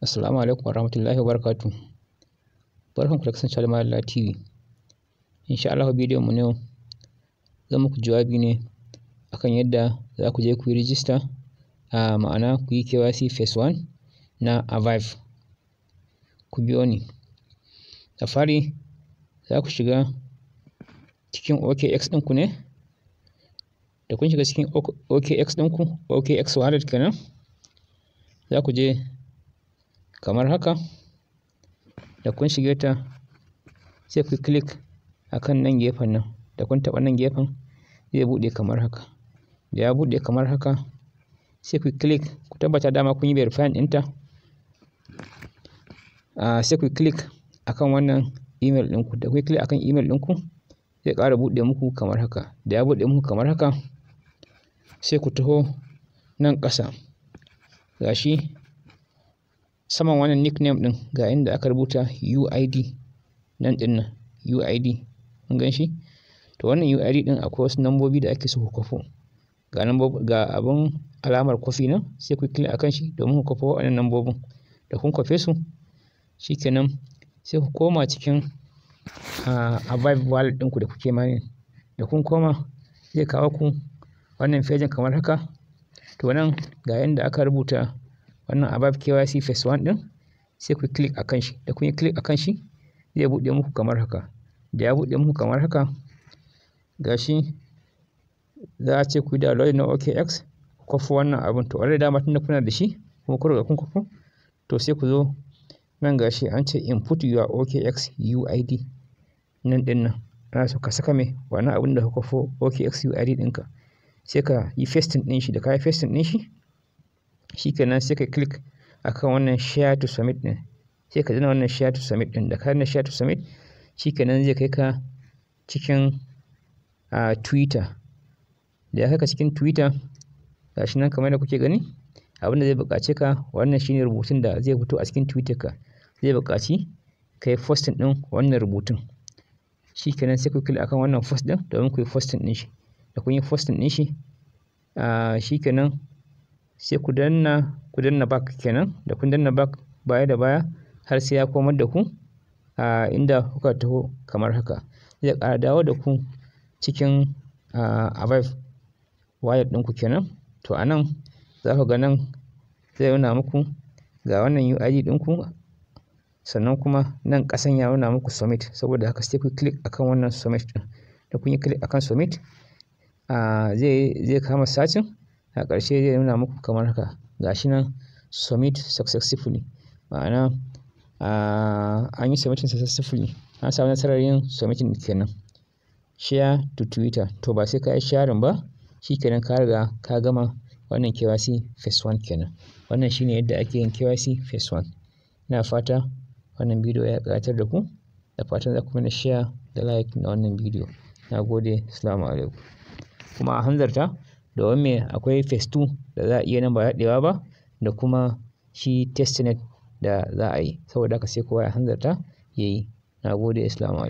Assalamu alaikum warahmatullahi wabarakatuh. Barkan ku da kasance da Malala TV. Insha Allah bidiyon mu ne zan muku jawabi ne akan yadda za ku je ku yi rijista a ma'ana ku yi KYC phase 1 na Avive. Ku biyo ni. Da fari za ku shiga cikin OKX ku ne da kun shiga cikin OKX ku OKX wallet kenan za ku je kamar haka da kun shige ta sai ku click akan nan gefen nan da kun taɓa nan gefen zai buɗe kamar haka da ya buɗe kamar haka sai ku click ku tabbata dama kun yi verifying ɗinta uh, sai ku click akan wannan email ɗinku da ku click akan email ɗinku zai ƙara buɗe muku kamar haka da ya buɗe muku kamar haka sai ku taho nan ƙasa gashi saman wannan nickname ɗin ga inda aka rubuta UID nan ɗin nan UID kun gan shi to wannan UID ɗin akwai wasu nambobi da ake so ku kwafo ga ga abin alamar kofi nan sai ku click akan shi domin ku kwafo wannan nambobin da kun kwafe su shikenan sai ku koma cikin a vibe wallet ku da kuke mani da kun koma zai kawo ku wannan fejin kamar haka to nan ga yanda aka rubuta wannan above KYC phase 1 din sai ku click akan shi da kun yi click akan shi zai bude muku kamar haka da ya bude muku kamar haka gashi za a ce ku da login na OKX kwafi wannan abun to already dama tunda kuna da shi kuma ku riga kun kwafo to sai ku zo nan gashi an ce input your OKX UID nan din nan ana so ka saka mai wannan abun da ka kwafo OKX UID ɗinka sai ka yi fasting ɗin shi da ka yi fasting ɗin shi shikenan sai ka click akan wannan share to submit din sai ka dana wannan share to submit din da ka na share to submit shikenan zai kai ka cikin a Twitter da ya kai ka cikin Twitter gashi nan kamar da kuke gani abinda zai buƙace ka wannan shine rubutun da zai fito a cikin Twitter ka zai buƙaci kai posting din wannan rubutun shikenan sai ku click akan wannan post din domin ku yi posting din shi da kun yi posting din shi shikenan sai ku danna ku danna back kenan da kun danna back baya da baya har sai ya komar da ku a inda kuka taho kamar haka zai ƙara dawo da ku cikin avive wayar ɗinku kenan to a nan za ku ga nan zai nuna muku ga wannan UID ɗinku sannan kuma nan ƙasan ya nuna muku submit saboda haka sai ku click akan wannan submit da kun yi click akan submit zai zai kama searching a ƙarshe zai nuna muku kamar haka gashi nan submit successfully ma'ana an yi submitting successfully an samu nasarar yin submitting kenan share to twitter to ba sai ka yi sharin ba shi kenan ka riga ka gama wannan KYC phase 1 kenan wannan shine yadda ake yin KYC phase 1 ina fata wannan bidiyo ya ƙayatar da ku da fatan za ku mana share da like na wannan bidiyo na gode salamu alaikum kuma a hanzarta domin me akwai festu da za a iya nan ba daɗewa ba da kuma shi testnet da za a yi saboda haka sai kowa ya hanzarta ya yi na gode islamu